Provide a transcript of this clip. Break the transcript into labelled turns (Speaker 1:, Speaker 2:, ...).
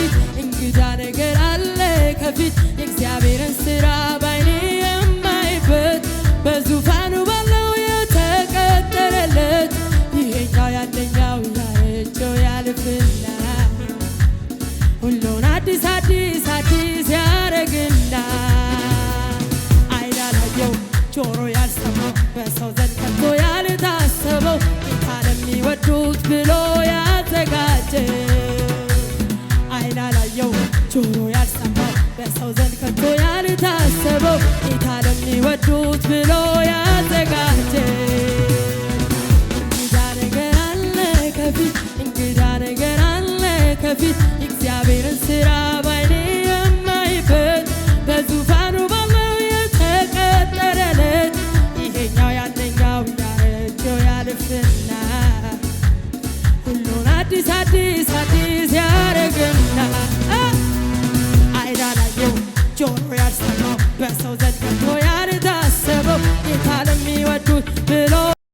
Speaker 1: በፊት እንግዳ ነገር አለ ከፊት የእግዚአብሔርን ስራ ባይኔ የማይበት በዙፋኑ ባለው የተቀጠረለት ይሄኛው ያለኛው ያየቸው ያልፍና ሁሉን አዲስ አዲስ አዲስ ያረግና አይን ያላየው ጆሮ ያልሰማው በሰው ዘንድ ከቶ ያልታሰበው ጌታ ለሚወዱት ብሎ ያዘጋጀ እንግዳ ነገር አለ ከፊት እንግዳ ነገር አለ ከፊት እግዚአብሔርን ጆሮ ያልሰማው በሰው ዘንድ